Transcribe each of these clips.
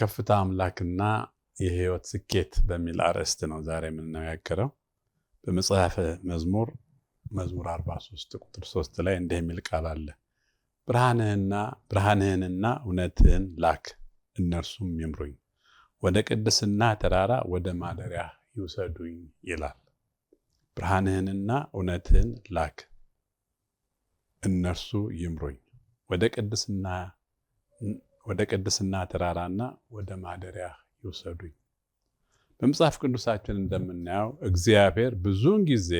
የከፍታ አምላክና የህይወት ስኬት በሚል አርዕስት ነው ዛሬ የምንነጋገረው። በመጽሐፈ መዝሙር መዝሙር 43 ቁጥር 3 ላይ እንዲህ የሚል ቃል አለ። ብርሃንህንና እውነትህን ላክ፣ እነርሱም ይምሩኝ፣ ወደ ቅድስና ተራራ ወደ ማደሪያ ይውሰዱኝ ይላል። ብርሃንህንና እውነትህን ላክ፣ እነርሱ ይምሩኝ፣ ወደ ቅድስና ወደ ቅድስና ተራራና ወደ ማደሪያ ይውሰዱኝ። በመጽሐፍ ቅዱሳችን እንደምናየው እግዚአብሔር ብዙውን ጊዜ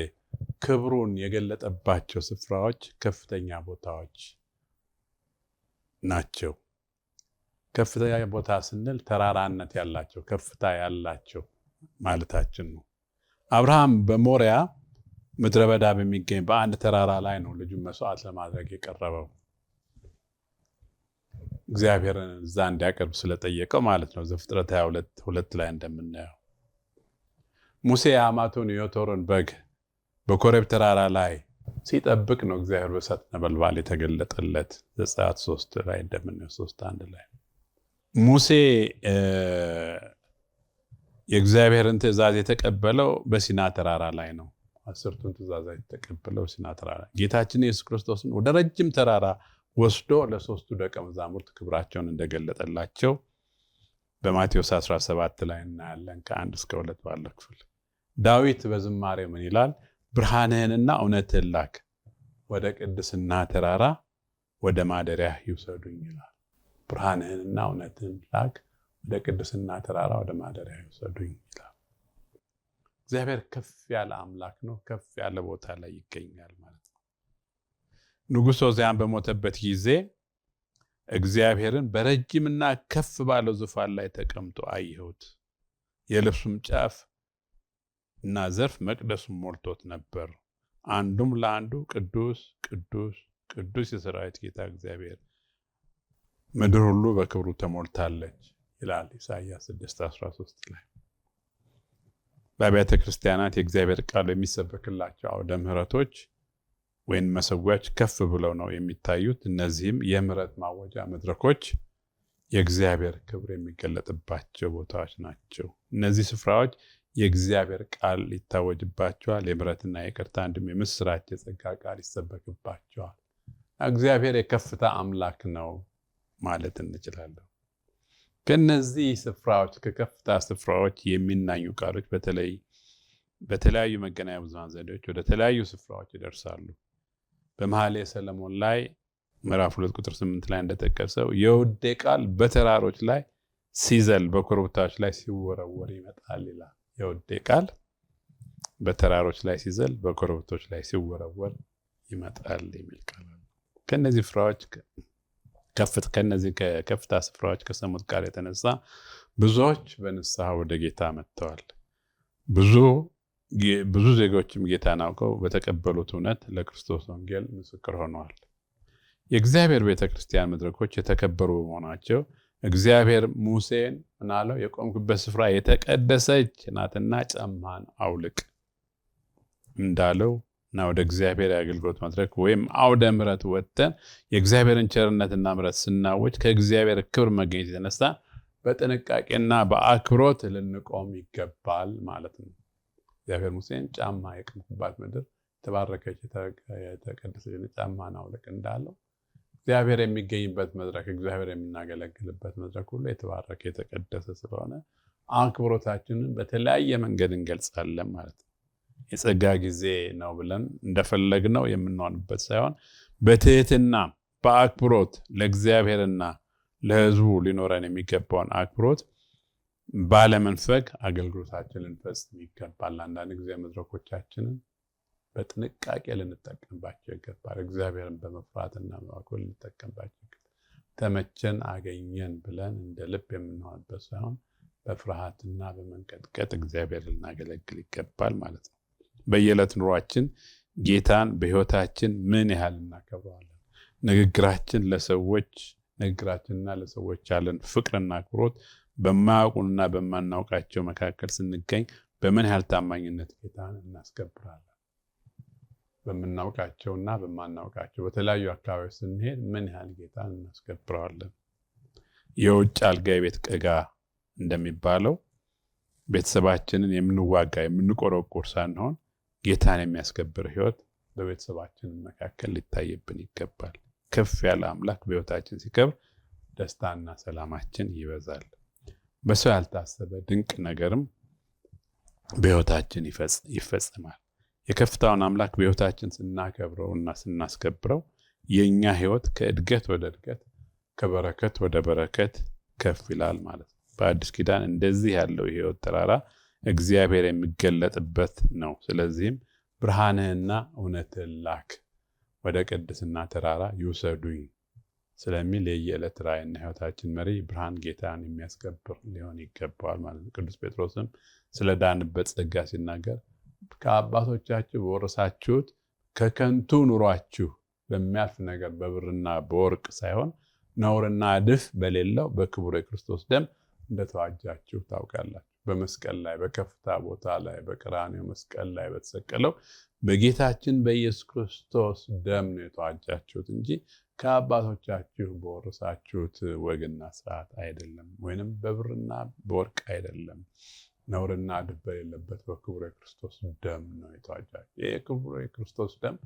ክብሩን የገለጠባቸው ስፍራዎች ከፍተኛ ቦታዎች ናቸው። ከፍተኛ ቦታ ስንል ተራራነት ያላቸው ከፍታ ያላቸው ማለታችን ነው። አብርሃም በሞሪያ ምድረ በዳ በሚገኝ በአንድ ተራራ ላይ ነው ልጁን መስዋዕት ለማድረግ የቀረበው። እግዚአብሔርን እዛ እንዲያቀርብ ስለጠየቀው ማለት ነው። ዘፍጥረት 22 ሁለት ላይ እንደምናየው ሙሴ የአማቱን የዮቶርን በግ በኮሬብ ተራራ ላይ ሲጠብቅ ነው እግዚአብሔር በእሳት ነበልባል የተገለጠለት። ዘጸአት ሶስት ላይ እንደምናየው ሶስት አንድ ላይ ሙሴ የእግዚአብሔርን ትእዛዝ የተቀበለው በሲና ተራራ ላይ ነው። አስርቱን ትእዛዛት የተቀበለው ሲና ተራራ ጌታችን ኢየሱስ ክርስቶስን ወደ ረጅም ተራራ ወስዶ ለሶስቱ ደቀ መዛሙርት ክብራቸውን እንደገለጠላቸው በማቴዎስ 17 ላይ እናያለን። ከአንድ እስከ ሁለት ባለው ክፍል ዳዊት በዝማሬ ምን ይላል? ብርሃንህንና እውነትህን ላክ፣ ወደ ቅድስና ተራራ ወደ ማደሪያ ይውሰዱኝ ይላል። ብርሃንህንና እውነትህን ላክ፣ ወደ ቅድስና ተራራ ወደ ማደሪያ ይውሰዱኝ ይላል። እግዚአብሔር ከፍ ያለ አምላክ ነው። ከፍ ያለ ቦታ ላይ ይገኛል ማለት ንጉሥ ዚያን በሞተበት ጊዜ እግዚአብሔርን በረጅምና ከፍ ባለው ዙፋን ላይ ተቀምጦ አየሁት። የልብሱም ጫፍ እና ዘርፍ መቅደሱን ሞልቶት ነበር። አንዱም ለአንዱ ቅዱስ ቅዱስ ቅዱስ የሰራዊት ጌታ እግዚአብሔር ምድር ሁሉ በክብሩ ተሞልታለች ይላል ኢሳያስ 6:13 ላይ። በአብያተ ክርስቲያናት የእግዚአብሔር ቃል የሚሰበክላቸው አውደ ምሕረቶች ወይም መሰዊያዎች ከፍ ብለው ነው የሚታዩት። እነዚህም የምሕረት ማወጃ መድረኮች፣ የእግዚአብሔር ክብር የሚገለጥባቸው ቦታዎች ናቸው። እነዚህ ስፍራዎች የእግዚአብሔር ቃል ይታወጅባቸዋል። የምሕረትና የቅርታ እንዲሁም የምስራች የጸጋ ቃል ይሰበክባቸዋል። እግዚአብሔር የከፍታ አምላክ ነው ማለት እንችላለን። ከነዚህ ስፍራዎች ከከፍታ ስፍራዎች የሚናኙ ቃሎች በተለይ በተለያዩ መገናኛ ብዙሃን ዘዴዎች ወደ ተለያዩ ስፍራዎች ይደርሳሉ። በመኃልየ ሰለሞን ላይ ምዕራፍ ሁለት ቁጥር ስምንት ላይ እንደጠቀሰው የውዴ ቃል በተራሮች ላይ ሲዘል በኮረብታዎች ላይ ሲወረወር ይመጣል ይላል። የውዴ ቃል በተራሮች ላይ ሲዘል በኮረብቶች ላይ ሲወረወር ይመጣል የሚል ቃል ከነዚህ ፍራዎች ከፍት ከነዚህ ከከፍታ ስፍራዎች ከሰሙት ቃል የተነሳ ብዙዎች በንስሐ ወደ ጌታ መጥተዋል። ብዙ ብዙ ዜጎችም ጌታን አውቀው በተቀበሉት እውነት ለክርስቶስ ወንጌል ምስክር ሆነዋል። የእግዚአብሔር ቤተ ክርስቲያን መድረኮች የተከበሩ በመሆናቸው እግዚአብሔር ሙሴን ምናለው የቆምክበት ስፍራ የተቀደሰች ናትና ጫማህን አውልቅ እንዳለው እና ወደ እግዚአብሔር የአገልግሎት መድረክ ወይም አውደ ምረት ወጥተን የእግዚአብሔርን ቸርነትና ምረት ስናወጭ ከእግዚአብሔር ክብር መገኘት የተነሳ በጥንቃቄና በአክብሮት ልንቆም ይገባል ማለት ነው። እግዚአብሔር ሙሴን ጫማ የቀምኩባት ምድር የተባረከች የተቀደሰች ጫማህን አውልቅ እንዳለው እግዚአብሔር የሚገኝበት መድረክ፣ እግዚአብሔር የምናገለግልበት መድረክ ሁሉ የተባረከ የተቀደሰ ስለሆነ አክብሮታችንን በተለያየ መንገድ እንገልጻለን ማለት ነው። የጸጋ ጊዜ ነው ብለን እንደፈለግነው የምንሆንበት ሳይሆን በትህትና በአክብሮት ለእግዚአብሔርና ለሕዝቡ ሊኖረን የሚገባውን አክብሮት ባለመንፈግ አገልግሎታችንን ልንፈጽ ይገባል። አንዳንድ ጊዜ መድረኮቻችንን በጥንቃቄ ልንጠቀምባቸው ይገባል። እግዚአብሔርን በመፍራትና መዋኮል ልንጠቀምባቸው ይገባል። ተመቸን፣ አገኘን ብለን እንደ ልብ የምንሆንበት ሳይሆን በፍርሃትና በመንቀጥቀጥ እግዚአብሔር ልናገለግል ይገባል ማለት ነው። በየዕለት ኑሯችን ጌታን በህይወታችን ምን ያህል እናከብረዋለን? ንግግራችን ለሰዎች ንግግራችንና ለሰዎች ያለን ፍቅርና አክብሮት በማያውቁና በማናውቃቸው መካከል ስንገኝ በምን ያህል ታማኝነት ጌታን እናስከብራለን? በምናውቃቸውና በማናውቃቸው በተለያዩ አካባቢዎች ስንሄድ ምን ያህል ጌታን እናስከብረዋለን? የውጭ አልጋ የቤት ቀጋ እንደሚባለው ቤተሰባችንን የምንዋጋ የምንቆረቁር ሳንሆን ጌታን የሚያስከብር ህይወት በቤተሰባችን መካከል ሊታይብን ይገባል። ከፍ ያለ አምላክ በህይወታችን ሲከብር ደስታና ሰላማችን ይበዛል። በሰው ያልታሰበ ድንቅ ነገርም በሕይወታችን ይፈጽማል። የከፍታውን አምላክ በሕይወታችን ስናከብረው እና ስናስከብረው የእኛ ሕይወት ከእድገት ወደ እድገት ከበረከት ወደ በረከት ከፍ ይላል ማለት ነው። በአዲስ ኪዳን እንደዚህ ያለው የሕይወት ተራራ እግዚአብሔር የሚገለጥበት ነው። ስለዚህም ብርሃንህና እውነትህ ላክ፣ ወደ ቅድስና ተራራ ይውሰዱኝ ስለሚል የየዕለት ራይና ህይወታችን መሪ ብርሃን ጌታን የሚያስከብር ሊሆን ይገባዋል ማለት ነው። ቅዱስ ጴጥሮስም ስለዳንበት ጸጋ ሲናገር ከአባቶቻችሁ በወረሳችሁት ከከንቱ ኑሯችሁ በሚያልፍ ነገር በብርና በወርቅ ሳይሆን ነውርና እድፍ በሌለው በክቡር የክርስቶስ ደም እንደተዋጃችሁ ታውቃላችሁ። በመስቀል ላይ በከፍታ ቦታ ላይ በቀራንዮ መስቀል ላይ በተሰቀለው በጌታችን በኢየሱስ ክርስቶስ ደም ነው የተዋጃችሁት እንጂ ከአባቶቻችሁ በወረሳችሁት ወግና ስርዓት አይደለም፣ ወይንም በብርና በወርቅ አይደለም። ነውርና ድበር የለበት በክቡር የክርስቶስ ደም ነው የተዋጃችሁ። የክቡር የክርስቶስ ደም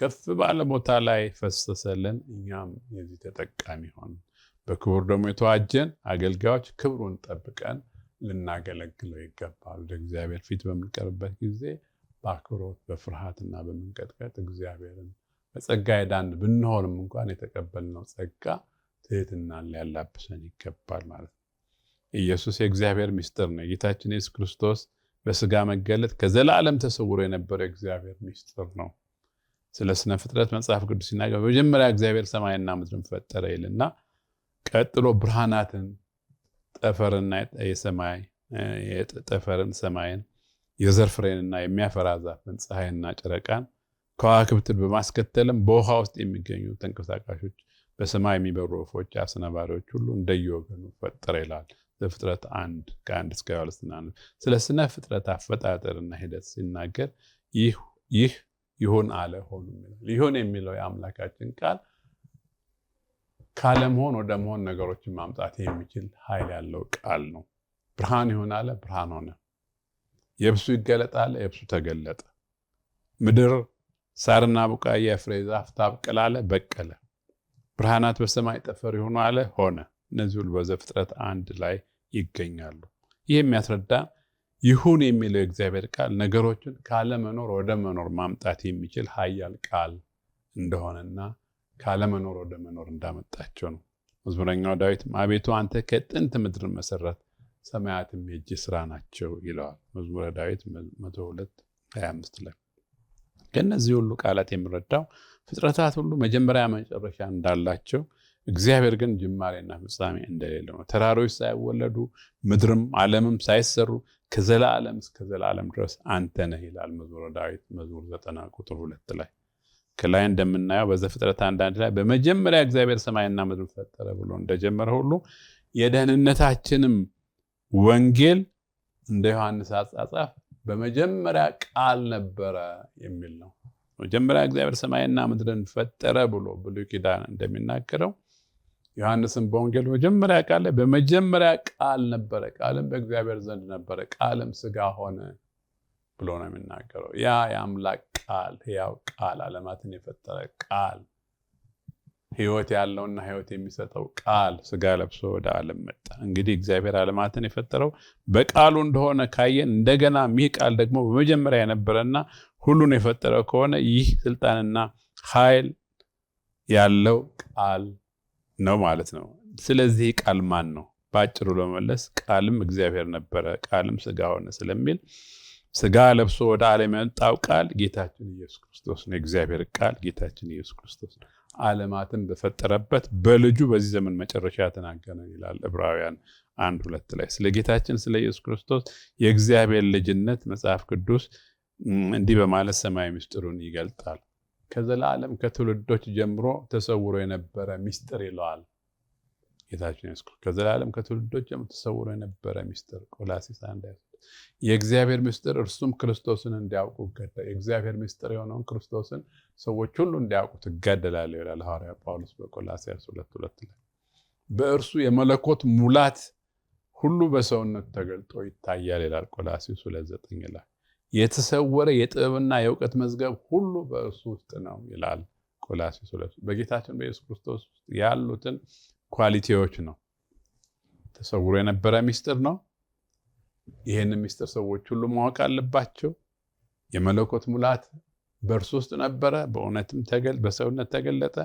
ከፍ ባለ ቦታ ላይ ፈሰሰልን፣ እኛም የዚህ ተጠቃሚ ሆን። በክቡር ደግሞ የተዋጀን አገልጋዮች ክብሩን ጠብቀን ልናገለግለው ይገባል። ወደ እግዚአብሔር ፊት በምንቀርበት ጊዜ በአክብሮት በፍርሃትና በመንቀጥቀጥ እግዚአብሔርን በጸጋ የዳን ብንሆንም እንኳን የተቀበልነው ጸጋ ትህትናን ሊያላብሰን ይገባል ማለት ነው። ኢየሱስ የእግዚአብሔር ምስጢር ነው። ጌታችን ኢየሱስ ክርስቶስ በስጋ መገለጥ ከዘላለም ተሰውሮ የነበረው እግዚአብሔር ምስጢር ነው። ስለ ስነ ፍጥረት መጽሐፍ ቅዱስ ሲናገር በመጀመሪያ እግዚአብሔር ሰማይና ምድርን ፈጠረ ይልና ቀጥሎ ብርሃናትን ጠፈርና የሰማይ የጠፈርን ሰማይን የዘር ፍሬንና የሚያፈራ ዛፍን ፀሐይና ጨረቃን ከዋክብትን በማስከተልም በውሃ ውስጥ የሚገኙ ተንቀሳቃሾች በሰማይ የሚበሩ ወፎች፣ አስነባሪዎች ሁሉ እንደየወገኑ ፈጠረ ይላል ዘፍጥረት አንድ ከአንድ እስከ ሁለት። ስለ ስነ ፍጥረት አፈጣጠርና ሂደት ሲናገር ይህ ይሁን አለ ሆኑ ይላል። ይሁን የሚለው የአምላካችን ቃል ካለመሆን ወደ መሆን ነገሮችን ማምጣት የሚችል ኃይል ያለው ቃል ነው። ብርሃን ይሆን አለ፣ ብርሃን ሆነ። የብሱ ይገለጣለ የብሱ ተገለጠ። ምድር ሳርና ቡቃያ ፍሬ ዛፍ ታብቅል አለ፣ በቀለ። ብርሃናት በሰማይ ጠፈር የሆኑ አለ፣ ሆነ። እነዚህ ሁሉ በዘፍጥረት አንድ ላይ ይገኛሉ። ይህ የሚያስረዳ ይሁን የሚለው የእግዚአብሔር ቃል ነገሮችን ካለመኖር ወደ መኖር ማምጣት የሚችል ኃያል ቃል እንደሆነና ካለመኖር ወደ መኖር እንዳመጣቸው ነው። መዝሙረኛው ዳዊት አቤቱ አንተ ከጥንት ምድርን መሰረት ሰማያትም የእጅ ስራ ናቸው ይለዋል። መዝሙረ ዳዊት 102 25 ላይ ከእነዚህ ሁሉ ቃላት የምረዳው ፍጥረታት ሁሉ መጀመሪያ መጨረሻ እንዳላቸው እግዚአብሔር ግን ጅማሬና ፍጻሜ እንደሌለው ነው። ተራሮች ሳይወለዱ ምድርም ዓለምም ሳይሰሩ ከዘላለም እስከ ዘላለም ድረስ አንተ ነህ ይላል መዝሙረ ዳዊት መዝሙር ዘጠና ቁጥር ሁለት ላይ ከላይ እንደምናየው በዘፍጥረት አንዳንድ ላይ በመጀመሪያ እግዚአብሔር ሰማይና ምድር ፈጠረ ብሎ እንደጀመረ ሁሉ የደህንነታችንም ወንጌል እንደ ዮሐንስ አጻጻፍ በመጀመሪያ ቃል ነበረ የሚል ነው። መጀመሪያ እግዚአብሔር ሰማይና ምድርን ፈጠረ ብሎ ብሉይ ኪዳን እንደሚናገረው ዮሐንስም በወንጌል መጀመሪያ ቃል ላይ በመጀመሪያ ቃል ነበረ፣ ቃልም በእግዚአብሔር ዘንድ ነበረ፣ ቃልም ስጋ ሆነ ብሎ ነው የሚናገረው። ያ የአምላክ ቃል ሕያው ቃል ዓለማትን የፈጠረ ቃል ሕይወት ያለውና ሕይወት የሚሰጠው ቃል ስጋ ለብሶ ወደ ዓለም መጣ። እንግዲህ እግዚአብሔር ዓለማትን የፈጠረው በቃሉ እንደሆነ ካየን፣ እንደገና ይህ ቃል ደግሞ በመጀመሪያ የነበረና ሁሉን የፈጠረው ከሆነ ይህ ስልጣንና ኃይል ያለው ቃል ነው ማለት ነው። ስለዚህ ቃል ማን ነው? በአጭሩ ለመመለስ ቃልም እግዚአብሔር ነበረ፣ ቃልም ስጋ ሆነ ስለሚል ስጋ ለብሶ ወደ ዓለም የመጣው ቃል ጌታችን ኢየሱስ ክርስቶስ ነው። የእግዚአብሔር ቃል ጌታችን ኢየሱስ ክርስቶስ ዓለማትን በፈጠረበት በልጁ በዚህ ዘመን መጨረሻ ተናገረን ይላል ዕብራውያን አንድ ሁለት ላይ ስለ ጌታችን ስለ ኢየሱስ ክርስቶስ የእግዚአብሔር ልጅነት መጽሐፍ ቅዱስ እንዲህ በማለት ሰማያዊ ምስጢሩን ይገልጣል። ከዘላለም ከትውልዶች ጀምሮ ተሰውሮ የነበረ ምስጢር ይለዋል። ጌታችን ኢየሱስ ከዘላለም ከትውልዶች ጀምሮ ተሰውሮ የነበረ ምስጢር ቆላሲስ አንድ የእግዚአብሔር ምስጢር እርሱም ክርስቶስን እንዲያውቁ ገደ የእግዚአብሔር ምስጢር የሆነውን ክርስቶስን ሰዎች ሁሉ እንዲያውቁ ትጋደላለህ ይላል ሐዋርያ ጳውሎስ በቆላስይስ ሁለት ሁለት ላይ በእርሱ የመለኮት ሙላት ሁሉ በሰውነት ተገልጦ ይታያል ይላል ቆላስይስ ሁለት ዘጠኝ ላይ የተሰወረ የጥበብና የእውቀት መዝገብ ሁሉ በእርሱ ውስጥ ነው ይላል ቆላስይስ ሁለት በጌታችን በኢየሱስ ክርስቶስ ውስጥ ያሉትን ኳሊቲዎች ነው። ተሰውሮ የነበረ ሚስጥር ነው። ይህን ምስጢር ሰዎች ሁሉ ማወቅ አለባቸው። የመለኮት ሙላት በእርሱ ውስጥ ነበረ፣ በእውነትም በሰውነት ተገለጠ።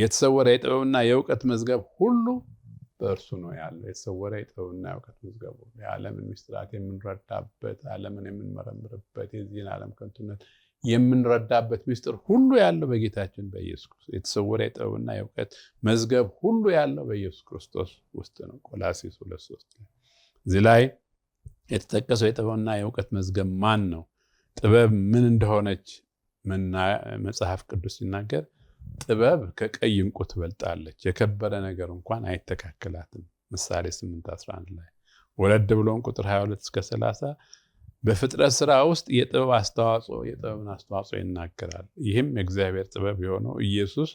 የተሰወረ የጥበብና የእውቀት መዝገብ ሁሉ በእርሱ ነው ያለው። የተሰወረ የጥበብና የእውቀት ሁሉ የዓለምን ምስጢራት የምንረዳበት፣ ዓለምን የምንመረምርበት፣ የዚህን ዓለም ከንቱነት የምንረዳበት ምስጢር ሁሉ ያለው በጌታችን በኢየሱስ ክርስቶስ። የተሰወረ የጥበብና የእውቀት መዝገብ ሁሉ ያለው በኢየሱስ ክርስቶስ ውስጥ ነው። ቆላሴስ ሁለት ሦስት እዚህ ላይ የተጠቀሰው የጥበብና የእውቀት መዝገብ ማን ነው? ጥበብ ምን እንደሆነች መጽሐፍ ቅዱስ ሲናገር ጥበብ ከቀይ እንቁ ትበልጣለች፣ የከበረ ነገር እንኳን አይተካከላትም። ምሳሌ 8፥11 ላይ ወለድ ብሎን ቁጥር 22 እስከ 30 በፍጥረት ስራ ውስጥ የጥበብ አስተዋጽኦ የጥበብን አስተዋጽኦ ይናገራል። ይህም የእግዚአብሔር ጥበብ የሆነው ኢየሱስ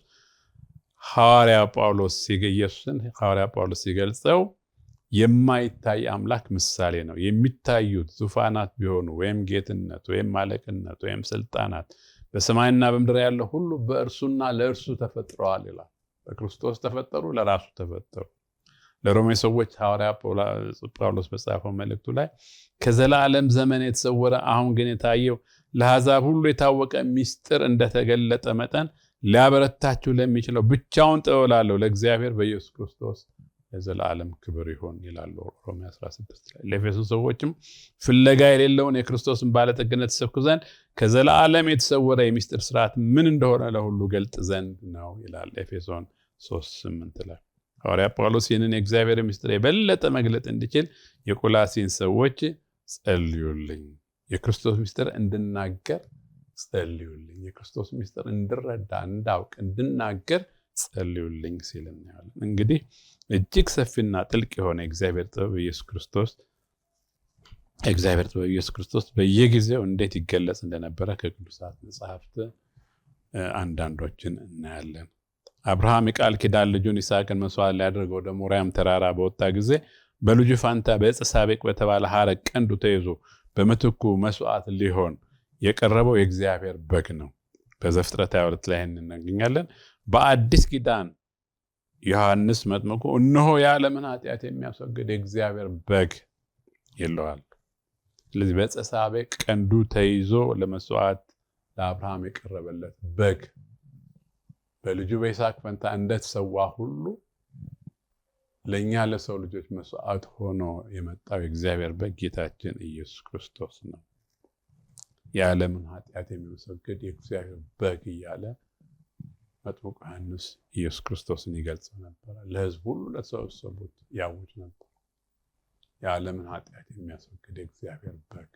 ሐዋርያ ጳውሎስ ኢየሱስን ሐዋርያ ጳውሎስ ሲገልጸው የማይታይ አምላክ ምሳሌ ነው። የሚታዩት ዙፋናት ቢሆኑ ወይም ጌትነት ወይም ማለቅነት ወይም ስልጣናት በሰማይና በምድር ያለ ሁሉ በእርሱና ለእርሱ ተፈጥረዋል ይላል። በክርስቶስ ተፈጠሩ፣ ለራሱ ተፈጠሩ። ለሮሜ ሰዎች ሐዋርያ ጳውሎስ በጻፈው መልእክቱ ላይ ከዘላለም ዘመን የተሰወረ አሁን ግን የታየው ለአሕዛብ ሁሉ የታወቀ ምስጢር እንደተገለጠ መጠን ሊያበረታችሁ ለሚችለው ብቻውን ጥበብ ላለው ለእግዚአብሔር በኢየሱስ ክርስቶስ የዘላለም ክብር ይሆን ይላሉ ሮሜ 16 ላይ። ለኤፌሶን ሰዎችም ፍለጋ የሌለውን የክርስቶስን ባለጠግነት ሰብክ ዘንድ ከዘላለም የተሰወረ የሚስጥር ስርዓት ምን እንደሆነ ለሁሉ ገልጥ ዘንድ ነው ይላል ኤፌሶን 3፥8 ላይ። ሐዋርያ ጳውሎስ ይህንን የእግዚአብሔር ሚስጥር የበለጠ መግለጥ እንዲችል የቆላሲን ሰዎች ጸልዩልኝ፣ የክርስቶስ ሚስጥር እንድናገር ጸልዩልኝ፣ የክርስቶስ ሚስጥር እንድረዳ፣ እንዳውቅ፣ እንድናገር ጸልዩልኝ ሲል እናያለን። እንግዲህ እጅግ ሰፊና ጥልቅ የሆነ እግዚአብሔር ጥበብ ኢየሱስ ክርስቶስ እግዚአብሔር ጥበብ ኢየሱስ ክርስቶስ በየጊዜው እንዴት ይገለጽ እንደነበረ ከቅዱሳት መጽሐፍት አንዳንዶችን እናያለን። አብርሃም የቃል ኪዳን ልጁን ይስሐቅን መስዋዕት ሊያደርግ ወደ ሞሪያም ተራራ በወጣ ጊዜ በልጁ ፋንታ በእጽ ሳቤቅ በተባለ ሐረግ ቀንዱ ተይዞ በምትኩ መስዋዕት ሊሆን የቀረበው የእግዚአብሔር በግ ነው። በዘፍጥረት 22 ላይ እናገኛለን። በአዲስ ኪዳን ዮሐንስ መጥምቁ እነሆ የዓለምን ኃጢአት የሚያስወግድ የእግዚአብሔር በግ ይለዋል። ስለዚህ በፀሳቤቅ ቀንዱ ተይዞ ለመስዋዕት ለአብርሃም የቀረበለት በግ በልጁ በይስሐቅ ፈንታ እንደተሰዋ ሁሉ ለእኛ ለሰው ልጆች መስዋዕት ሆኖ የመጣው የእግዚአብሔር በግ ጌታችን ኢየሱስ ክርስቶስ ነው። የዓለምን ኃጢአት የሚያስወግድ የእግዚአብሔር በግ እያለ መጥምቁ ዮሐንስ ኢየሱስ ክርስቶስን ይገልጽ ነበረ። ለህዝብ ሁሉ ለተሰበሰቡት ያውጅ ነበር። የዓለምን ኃጢአት የሚያስወግድ የእግዚአብሔር በግ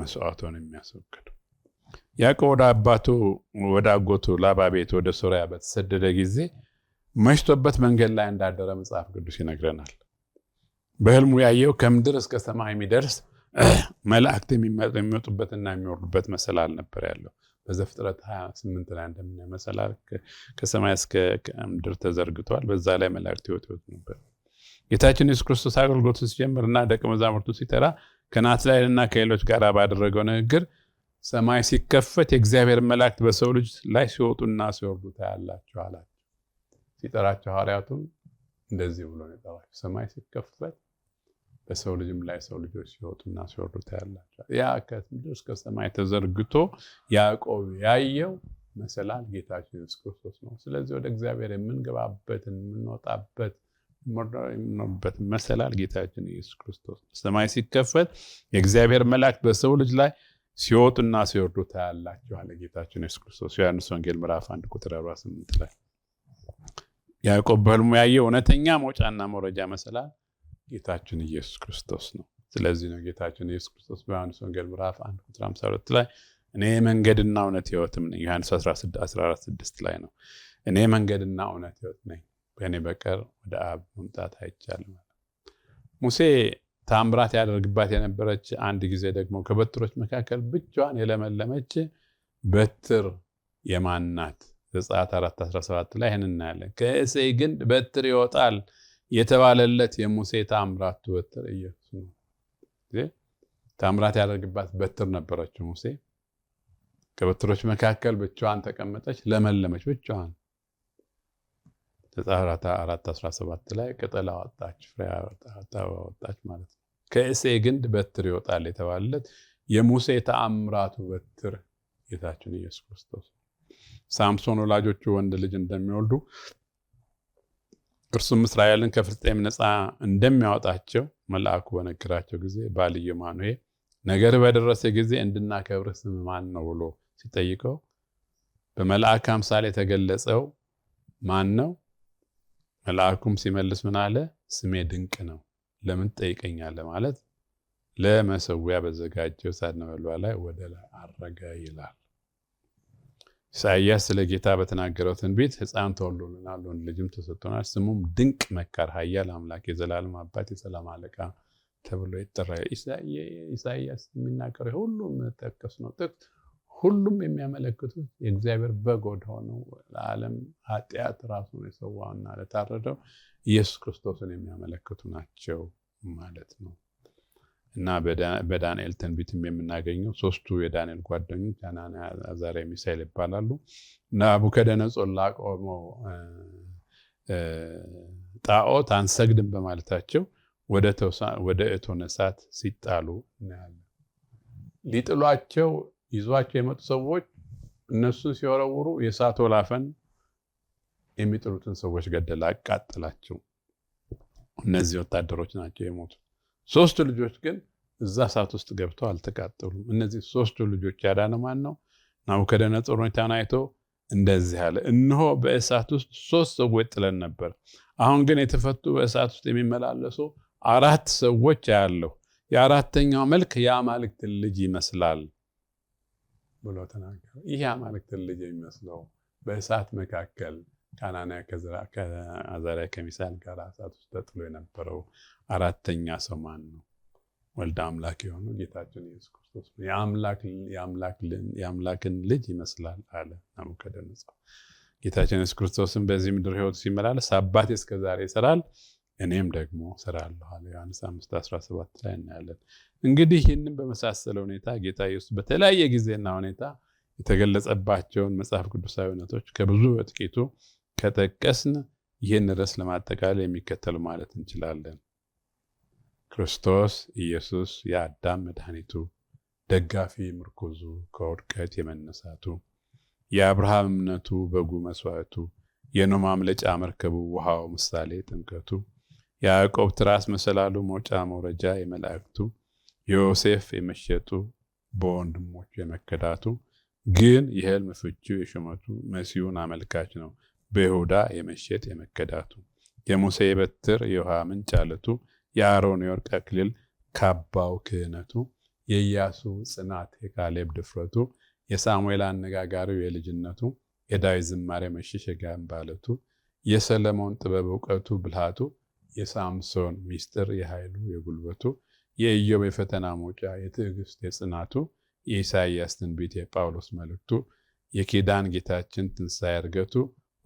መስዋዕቱን የሚያስወግድ ያዕቆብ ወደ አባቱ ወደ አጎቱ ላባ ቤት ወደ ሶርያ በተሰደደ ጊዜ መሽቶበት መንገድ ላይ እንዳደረ መጽሐፍ ቅዱስ ይነግረናል። በህልሙ ያየው ከምድር እስከ ሰማይ የሚደርስ መላእክት የሚመጡበትና የሚወርዱበት መሰላል ነበር ያለው። በዘፍጥረት 28 ላይ እንደምናየው መሰላል ከሰማይ እስከ ምድር ተዘርግቷል። በዛ ላይ መላእክት ይወጡ ነበር። ጌታችን ኢየሱስ ክርስቶስ አገልግሎቱ ሲጀምርና ደቀ መዛሙርቱ ሲጠራ ከናትናኤልና ከሌሎች ጋር ባደረገው ንግግር ሰማይ ሲከፈት የእግዚአብሔር መላእክት በሰው ልጅ ላይ ሲወጡና ሲወርዱ ታያላችሁ አላቸው። ሲጠራቸው ሐዋርያቱም እንደዚህ ብሎ ነው የጠራቸው። ሰማይ ሲከፈት በሰው ልጅም ላይ ሰው ልጆች ሲወጡና ሲወርዱ ታያላቸው። ያ ከምድር እስከ ሰማይ ተዘርግቶ ያዕቆብ ያየው መሰላል ጌታችን ኢየሱስ ክርስቶስ ነው። ስለዚህ ወደ እግዚአብሔር የምንገባበትን የምንወጣበት የምንኖርበት መሰላል ጌታችን ኢየሱስ ክርስቶስ ነው። ሰማይ ሲከፈት የእግዚአብሔር መላእክት በሰው ልጅ ላይ ሲወጡና ሲወርዱ ታያላችሁ አለ ጌታችን ኢየሱስ ክርስቶስ ዮሐንስ ወንጌል ምዕራፍ 1 ቁጥር 48 ላይ ያዕቆብ በህልሙ ያየው እውነተኛ መውጫና መውረጃ መሰላል ጌታችን ኢየሱስ ክርስቶስ ነው። ስለዚህ ነው ጌታችን ኢየሱስ ክርስቶስ በዮሐንስ ወንጌል ምዕራፍ 1 ቁጥር 52 ላይ እኔ መንገድና እውነት ህይወትም ነኝ። ዮሐንስ 14፥6 ላይ ነው። እኔ መንገድና እውነት ህይወት ነኝ፣ በእኔ በቀር ወደ አብ መምጣት አይቻልም። ሙሴ ታምራት ያደርግባት የነበረች አንድ ጊዜ ደግሞ ከበትሮች መካከል ብቻዋን የለመለመች በትር የማናት? ዘጸአት 4፥17 ላይ ይህን እናያለን። ከእሴይ ግንድ በትር ይወጣል የተባለለት የሙሴ ታምራት በትር ኢየሱስ ነው። ታምራት ያደርግባት በትር ነበረችው ሙሴ። ከበትሮች መካከል ብቻዋን ተቀመጠች፣ ለመለመች ብቻዋን። ዘጸአት 4፡17 ላይ ቅጠል አወጣች፣ ፍሬ አወጣች ማለት ነው። ከእሴ ግንድ በትር ይወጣል የተባለለት የሙሴ ተአምራቱ በትር ጌታችን ኢየሱስ ክርስቶስ። ሳምሶን ወላጆቹ ወንድ ልጅ እንደሚወልዱ እርሱም እስራኤልን ከፍልስጤም ነፃ እንደሚያወጣቸው መልአኩ በነገራቸው ጊዜ ባልዩ ማኑሄ ነገር በደረሰ ጊዜ እንድናከብርህ ስም ማን ነው ብሎ ሲጠይቀው በመልአክ አምሳል የተገለጸው ማን ነው? መልአኩም ሲመልስ ምን አለ? ስሜ ድንቅ ነው፣ ለምን ትጠይቀኛለህ? ማለት ለመሰዊያ በዘጋጀው ሳድነበሏ ላይ ወደ ላይ አረገ ይላል። ኢሳያስ ስለ ጌታ በተናገረው ትንቢት ሕፃን ተወልዶልናል ወንድ ልጅም ተሰጥቶናል፣ ስሙም ድንቅ መካር፣ ኃያል አምላክ፣ የዘላለም አባት፣ የሰላም አለቃ ተብሎ ይጠራል። ኢሳያስ የሚናገረው ሁሉ የምጠቀስ ነው ጥቅስ ሁሉም የሚያመለክቱት የእግዚአብሔር በግ ወደሆነው ለዓለም ኃጢአት ራሱን የሰዋውና ለታረደው ኢየሱስ ክርስቶስን የሚያመለክቱ ናቸው ማለት ነው። እና በዳንኤል ትንቢትም የምናገኘው ሶስቱ የዳንኤል ጓደኞች አናንያ፣ አዛርያ፣ ሚሳኤል ይባላሉ። ናቡከደነጾር ላቆመው ጣዖት አንሰግድም በማለታቸው ወደ እቶነ እሳት ሲጣሉ እናያለን። ሊጥሏቸው ይዟቸው የመጡ ሰዎች እነሱን ሲወረውሩ የእሳት ወላፈን የሚጥሉትን ሰዎች ገደላ አቃጥላቸው። እነዚህ ወታደሮች ናቸው የሞቱ። ሶስቱ ልጆች ግን እዛ እሳት ውስጥ ገብተው አልተቃጠሉም። እነዚህ ሶስቱ ልጆች ያዳነ ማን ነው? ናቡከደነጾር ሁኔታን አይቶ እንደዚህ አለ፣ እነሆ በእሳት ውስጥ ሶስት ሰዎች ጥለን ነበር። አሁን ግን የተፈቱ በእሳት ውስጥ የሚመላለሱ አራት ሰዎች ያለው የአራተኛው መልክ የአማልክትን ልጅ ይመስላል ብሎ ተናገረ። ይህ የአማልክትን ልጅ የሚመስለው በእሳት መካከል ከአናንያ ከአዛርያ ከሚሳኤል ጋር እሳት ውስጥ ተጥሎ የነበረው አራተኛ ሰው ማን ነው? ወልደ አምላክ የሆነው ጌታችን ኢየሱስ ክርስቶስ የአምላክን ልጅ ይመስላል አለ ናቡከደነጻር። ጌታችን ኢየሱስ ክርስቶስን በዚህ ምድር ህይወት ሲመላለስ አባቴ ዛሬ ይሰራል እኔም ደግሞ እሰራለሁ አለ ዮሐንስ 17 ላይ እናያለን። እንግዲህ ይህንን በመሳሰለ ሁኔታ ጌታ ኢየሱስ በተለያየ ጊዜና ሁኔታ የተገለጸባቸውን መጽሐፍ ቅዱሳዊ እውነቶች ከብዙ በጥቂቱ ከጠቀስን ይህን ርዕስ ለማጠቃለል የሚከተል ማለት እንችላለን። ክርስቶስ ኢየሱስ የአዳም መድኃኒቱ፣ ደጋፊ ምርኩዙ፣ ከውድቀት የመነሳቱ፣ የአብርሃም እምነቱ፣ በጉ መስዋዕቱ፣ የኖህ ማምለጫ መርከቡ፣ ውሃው ምሳሌ ጥምቀቱ፣ የያዕቆብ ትራስ መሰላሉ፣ መውጫ መውረጃ የመላእክቱ፣ የዮሴፍ የመሸጡ፣ በወንድሞቹ የመከዳቱ፣ ግን የሕልም ፍቺው የሹመቱ መሲሁን አመልካች ነው። በይሁዳ የመሸጥ የመከዳቱ የሙሴ በትር የውሃ ምንጭ አለቱ የአሮን የወርቅ አክሊል ካባው ክህነቱ የኢያሱ ጽናት የካሌብ ድፍረቱ የሳሙኤል አነጋጋሪው የልጅነቱ የዳዊት ዝማሬ መሸሸጊያ እምባለቱ የሰለሞን ጥበብ እውቀቱ ብልሃቱ የሳምሶን ሚስጥር የኃይሉ የጉልበቱ የኢዮብ የፈተና መውጫ የትዕግስት የጽናቱ የኢሳይያስ ትንቢት የጳውሎስ መልእክቱ የኪዳን ጌታችን ትንሣኤ እርገቱ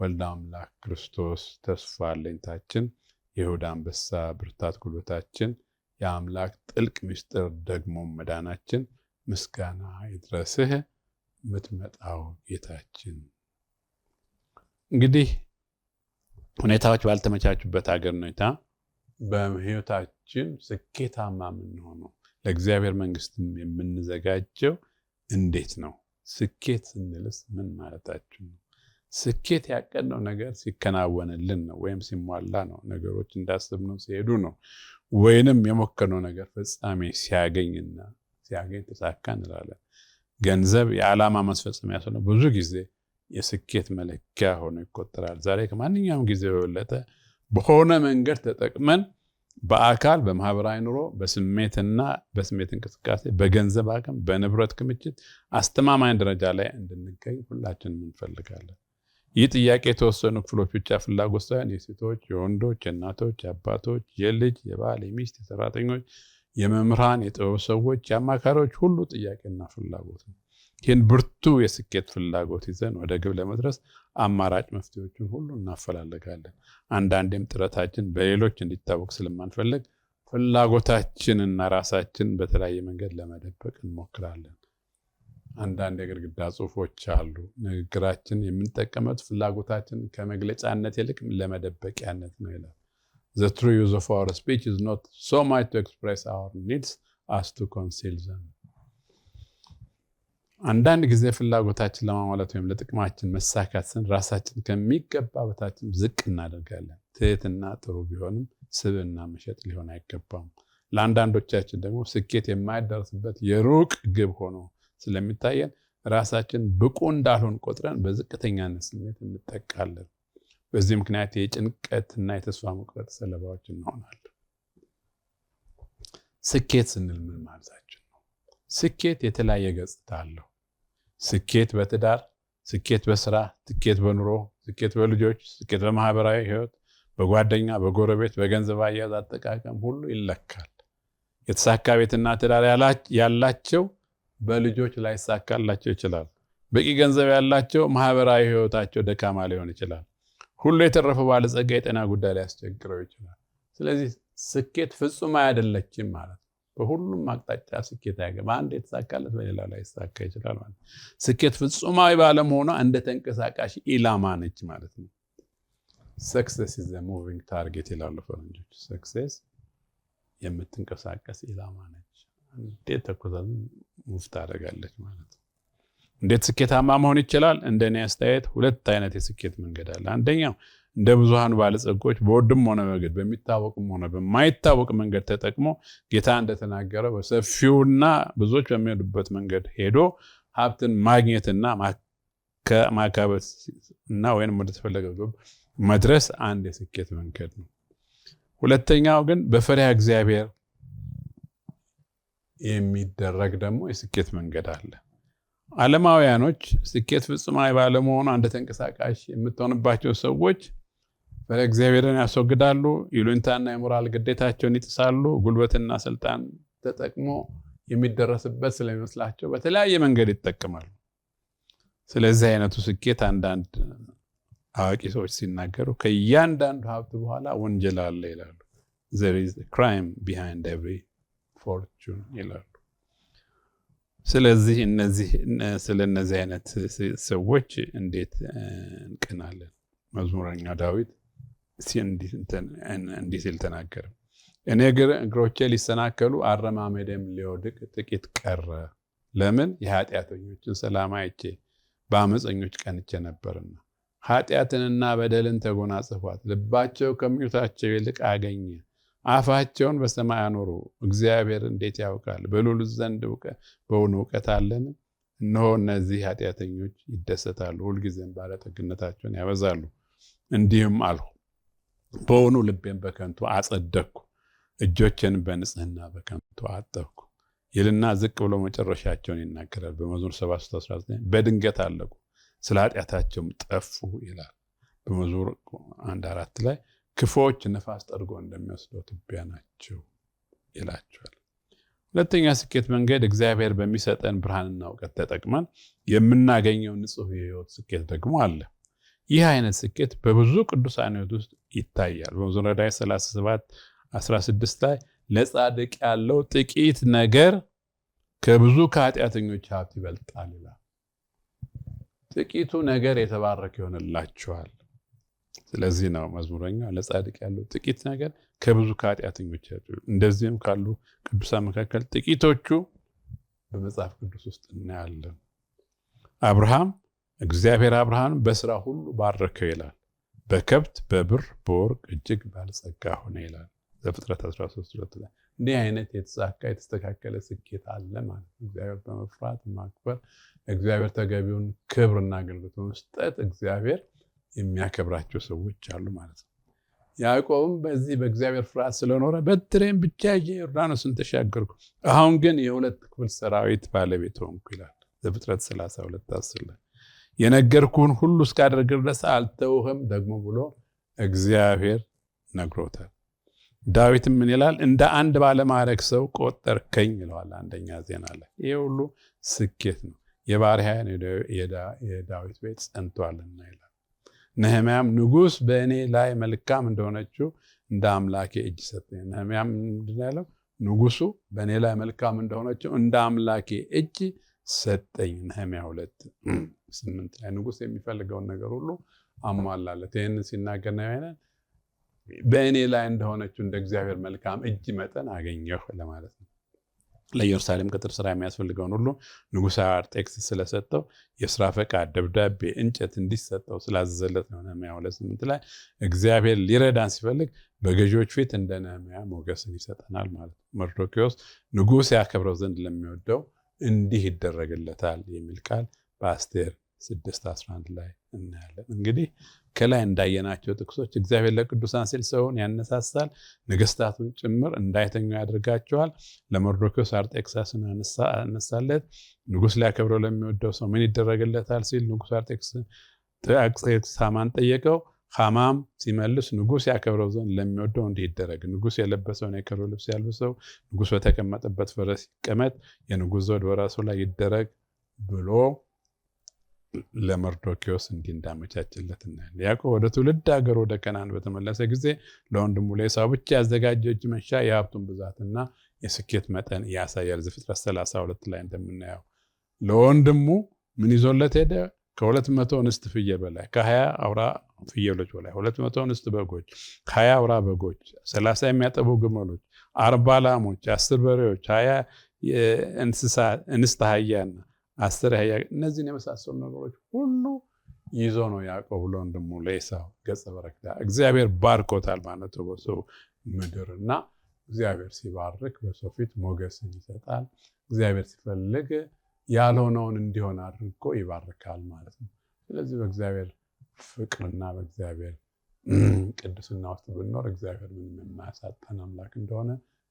ወልደ አምላክ ክርስቶስ ተስፋ አለኝታችን፣ የይሁዳ አንበሳ ብርታት ጉልበታችን፣ የአምላክ ጥልቅ ምስጢር ደግሞ መዳናችን ምስጋና ይድረስህ የምትመጣው ጌታችን። እንግዲህ ሁኔታዎች ባልተመቻቹበት ሀገር ሁኔታ በህይወታችን ስኬታማ የምንሆነው ለእግዚአብሔር መንግስትም የምንዘጋጀው እንዴት ነው? ስኬት ስንልስ ምን ማለታችን ነው? ስኬት ያቀድነው ነገር ሲከናወንልን ነው ወይም ሲሟላ ነው። ነገሮች እንዳስብነው ሲሄዱ ነው። ወይንም የሞከርነው ነገር ፍጻሜ ሲያገኝና ሲያገኝ ተሳካ እንላለን። ገንዘብ የዓላማ ማስፈጸሚያ ስለሆነ ብዙ ጊዜ የስኬት መለኪያ ሆኖ ይቆጠራል። ዛሬ ከማንኛውም ጊዜ በበለጠ በሆነ መንገድ ተጠቅመን በአካል በማህበራዊ ኑሮ በስሜትና በስሜት እንቅስቃሴ በገንዘብ አቅም በንብረት ክምችት አስተማማኝ ደረጃ ላይ እንድንገኝ ሁላችንም እንፈልጋለን። ይህ ጥያቄ የተወሰኑ ክፍሎች ብቻ ፍላጎት ሳይሆን የሴቶች፣ የወንዶች፣ የእናቶች፣ የአባቶች፣ የልጅ፣ የባል፣ የሚስት፣ የሰራተኞች፣ የመምህራን፣ የጥበብ ሰዎች፣ የአማካሪዎች ሁሉ ጥያቄና ፍላጎት ነው። ይህን ብርቱ የስኬት ፍላጎት ይዘን ወደ ግብ ለመድረስ አማራጭ መፍትሄዎችን ሁሉ እናፈላለጋለን። አንዳንዴም ጥረታችን በሌሎች እንዲታወቅ ስለማንፈልግ ፍላጎታችንና ራሳችን በተለያየ መንገድ ለመደበቅ እንሞክራለን። አንዳንድ የግድግዳ ጽሁፎች አሉ። ንግግራችን የምንጠቀመት ፍላጎታችን ከመግለጫነት ይልቅ ለመደበቂያነት ነው ይላል። ዘ ትሩ ዩዝ ኦፍ አወር ስፒች ኢዝ ኖት ሶ ማች ቱ ኤክስፕሬስ አወር ኒድስ አስ ቱ ኮንሲል ዘም። አንዳንድ ጊዜ ፍላጎታችን ለማሟላት ወይም ለጥቅማችን መሳካት ስን ራሳችን ከሚገባ በታችን ዝቅ እናደርጋለን። ትህትና ጥሩ ቢሆንም ስብዕና መሸጥ ሊሆን አይገባም። ለአንዳንዶቻችን ደግሞ ስኬት የማይደርስበት የሩቅ ግብ ሆኖ ስለሚታየን ራሳችን ብቁ እንዳልሆን ቆጥረን በዝቅተኛነት ስሜት እንጠቃለን። በዚህ ምክንያት የጭንቀትና የተስፋ መቁረጥ ሰለባዎች እንሆናለን። ስኬት ስንል ምን ማለታችን ነው? ስኬት የተለያየ ገጽታ አለው። ስኬት በትዳር፣ ስኬት በስራ፣ ስኬት በኑሮ፣ ስኬት በልጆች፣ ስኬት በማህበራዊ ህይወት፣ በጓደኛ፣ በጎረቤት፣ በገንዘብ አያያዝ አጠቃቀም ሁሉ ይለካል። የተሳካ ቤትና ትዳር ያላቸው በልጆች ላይሳካላቸው ይችላል። በቂ ገንዘብ ያላቸው ማህበራዊ ህይወታቸው ደካማ ሊሆን ይችላል። ሁሉ የተረፈ ባለጸጋ የጤና ጉዳይ ሊያስቸግረው ይችላል። ስለዚህ ስኬት ፍጹም አያደለችም ማለት ነው። በሁሉም አቅጣጫ ስኬት ያገ በአንድ የተሳካለት በሌላ ላይ ይሳካ ይችላል ማለት ነው። ስኬት ፍጹማዊ ባለመሆኗ እንደ ተንቀሳቃሽ ኢላማ ነች ማለት ነው። ሰክሴስ ኢዝ ሙቪንግ ታርጌት ይላሉ ፈረንጆች። ሰክሴስ የምትንቀሳቀስ ኢላማ ነች። እንዴት ተኩሳትን ሙፍት አደርጋለች ማለት ነው። እንዴት ስኬታማ መሆን ይችላል? እንደ እኔ አስተያየት ሁለት አይነት የስኬት መንገድ አለ። አንደኛው እንደ ብዙሃኑ ባለጸጎች በወድም ሆነ መንገድ በሚታወቅም ሆነ በማይታወቅ መንገድ ተጠቅሞ ጌታ እንደተናገረው በሰፊውና ብዙዎች በሚሄዱበት መንገድ ሄዶ ሀብትን ማግኘትና ማካበት እና ወይም ወደተፈለገው መድረስ አንድ የስኬት መንገድ ነው። ሁለተኛው ግን በፈሪያ እግዚአብሔር የሚደረግ ደግሞ የስኬት መንገድ አለ። ዓለማውያኖች ስኬት ፍጹም ባለመሆኑ አንድ ተንቀሳቃሽ የምትሆንባቸው ሰዎች እግዚአብሔርን ያስወግዳሉ፣ ይሉኝታና የሞራል ግዴታቸውን ይጥሳሉ። ጉልበትና ስልጣን ተጠቅሞ የሚደረስበት ስለሚመስላቸው በተለያየ መንገድ ይጠቀማሉ። ስለዚህ አይነቱ ስኬት አንዳንድ አዋቂ ሰዎች ሲናገሩ ከእያንዳንዱ ሀብት በኋላ ወንጀል አለ ይላሉ። ዘር ኢዝ ክራይም ቢሃይንድ ኤቭሪ ፎርቹን ይላሉ። ስለዚህ ስለ እነዚህ አይነት ሰዎች እንዴት እንቅናለን? መዝሙረኛ ዳዊት እንዲህ ሲል ተናገረ፣ እኔ እግሮቼ ሊሰናከሉ አረማመደም ሊወድቅ ጥቂት ቀረ። ለምን? የኃጢአተኞችን ሰላም አይቼ በአመፀኞች ቀንቼ ነበርና። ኃጢአትንና በደልን ተጎናጽፏት፣ ልባቸው ከምኞታቸው ይልቅ አገኘ። አፋቸውን በሰማይ አኖሩ። እግዚአብሔር እንዴት ያውቃል? በልዑል ዘንድ በውን እውቀት አለን? እነሆ እነዚህ ኃጢአተኞች ይደሰታሉ፣ ሁልጊዜም ባለጠግነታቸውን ያበዛሉ። እንዲህም አልሁ፣ በውኑ ልቤን በከንቱ አጸደቅኩ፣ እጆቼን በንጽህና በከንቱ አጠብኩ ይልና ዝቅ ብሎ መጨረሻቸውን ይናገራል። በመዝሙር 7319 በድንገት አለቁ፣ ስለ ኃጢአታቸውም ጠፉ ይላል። በመዝሙር አንድ አራት ላይ ክፉዎች ነፋስ ጠርጎ እንደሚወስደው ትቢያ ናቸው ይላቸዋል። ሁለተኛ ስኬት መንገድ እግዚአብሔር በሚሰጠን ብርሃንና እውቀት ተጠቅመን የምናገኘው ንጹህ የህይወት ስኬት ደግሞ አለ። ይህ አይነት ስኬት በብዙ ቅዱሳን ህይወት ውስጥ ይታያል። በመዝሙረ 37 16 ላይ ለጻድቅ ያለው ጥቂት ነገር ከብዙ ከኃጢአተኞች ሀብት ይበልጣል ይላል። ጥቂቱ ነገር የተባረከ ይሆንላቸዋል። ስለዚህ ነው መዝሙረኛው ለጻድቅ ያለው ጥቂት ነገር ከብዙ ከኃጢአተኞች እንደዚህም ካሉ ቅዱሳን መካከል ጥቂቶቹ በመጽሐፍ ቅዱስ ውስጥ እናያለን። አብርሃም እግዚአብሔር አብርሃም በስራ ሁሉ ባረከው ይላል። በከብት በብር በወርቅ እጅግ ባለጸጋ ሆነ ይላል ዘፍጥረት 13 ላይ እንዲህ አይነት የተሳካ የተስተካከለ ስኬት አለ ማለት ነው። እግዚአብሔር በመፍራት ማክበር፣ እግዚአብሔር ተገቢውን ክብርና አገልግሎት በመስጠት እግዚአብሔር የሚያከብራቸው ሰዎች አሉ ማለት ነው። ያዕቆብም በዚህ በእግዚአብሔር ፍርሃት ስለኖረ በትሬን ብቻ ይዤ ዮርዳኖስን ተሻገርኩ፣ አሁን ግን የሁለት ክፍል ሰራዊት ባለቤት ሆንኩ ይላል ዘፍጥረት 32 10 ላይ የነገርኩህን ሁሉ እስካደርግ ድረስ አልተውህም ደግሞ ብሎ እግዚአብሔር ነግሮታል። ዳዊትም ምን ይላል? እንደ አንድ ባለማዕረግ ሰው ቆጠርከኝ ይለዋል አንደኛ ዜና ላይ። ይህ ሁሉ ስኬት ነው። የባርያን የዳዊት ቤት ጸንቷልና ይላል። ነህምያም ንጉስ በእኔ ላይ መልካም እንደሆነችው እንደ አምላኬ እጅ ሰጠኝ። ነህምያም ምንድን ያለው? ንጉሱ በእኔ ላይ መልካም እንደሆነችው እንደ አምላኬ እጅ ሰጠኝ። ነህሚያ ሁለት ስምንት ላይ ንጉስ የሚፈልገውን ነገር ሁሉ አሟላለት። ይህንን ሲናገር ነህምያን በእኔ ላይ እንደሆነችው እንደ እግዚአብሔር መልካም እጅ መጠን አገኘሁ ለማለት ነው። ለኢየሩሳሌም ቅጥር ስራ የሚያስፈልገውን ሁሉ ንጉሳዊ አርጤክስ ስለሰጠው የስራ ፈቃድ ደብዳቤ እንጨት እንዲሰጠው ስላዘዘለት ነው። ነህምያ ሁለት ስምንት ላይ እግዚአብሔር ሊረዳን ሲፈልግ በገዢዎች ፊት እንደ ነህምያ ሞገስን ይሰጠናል ማለት ነው። መርዶኪዎስ ንጉሥ ያከብረው ዘንድ ለሚወደው እንዲህ ይደረግለታል የሚል ቃል በአስቴር 6 11 ላይ እናያለን። እንግዲህ ከላይ እንዳየናቸው ጥቅሶች እግዚአብሔር ለቅዱሳን ሲል ሰውን ያነሳሳል፣ ነገስታቱን ጭምር እንዳይተኙ ያደርጋቸዋል። ለመርዶኪዎስ አርጤክሳስን አነሳለት። ንጉስ ሊያከብረው ለሚወደው ሰው ምን ይደረግለታል ሲል ንጉስ አርጤክስ ሳማን ጠየቀው። ሃማም ሲመልስ ንጉስ ያከብረው ዘንድ ለሚወደው እንዲህ ይደረግ፣ የለበሰውን የክብር ልብስ ያልብሰው፣ ንጉስ በተቀመጠበት ፈረስ ይቀመጥ፣ የንጉስ ዘውድ በራሱ ላይ ይደረግ ብሎ ለመርዶኪዎስ እንዲህ እንዳመቻችለት እናያለን። ያዕቆብ ወደ ትውልድ ሀገር ወደ ከናን በተመለሰ ጊዜ ለወንድሙ ለዔሳው ብቻ ያዘጋጀው እጅ መንሻ የሀብቱን ብዛትና የስኬት መጠን ያሳያል። ዘፍጥረት 32 ላይ እንደምናየው ለወንድሙ ምን ይዞለት ሄደ? ከሁለት መቶ እንስት ፍየል በላይ ከሀያ አውራ ፍየሎች በላይ ሁለት መቶ እንስት በጎች ከሀያ አውራ በጎች ሰላሳ የሚያጠቡ ግመሎች አርባ ላሞች አስር በሬዎች ሀያ እንስሳ እንስት አህያና አስር ያህያ እነዚህን የመሳሰሉ ነገሮች ሁሉ ይዞ ነው ያዕቆብ ለወንድሙ ለኤሳው ገጸ በረከት እግዚአብሔር ባርኮታል ማለት በሰው ምድር እና እግዚአብሔር ሲባርክ በሰው ፊት ሞገስን ይሰጣል። እግዚአብሔር ሲፈልግ ያልሆነውን እንዲሆን አድርጎ ይባርካል ማለት ነው። ስለዚህ በእግዚአብሔር ፍቅርና በእግዚአብሔር ቅድስና ውስጥ ብንኖር እግዚአብሔር ምንም የማያሳጣን አምላክ እንደሆነ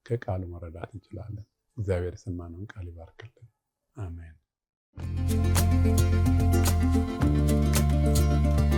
ከቃሉ መረዳት እንችላለን። እግዚአብሔር የሰማነውን ቃል ይባርክልን። አሜን። Thank you.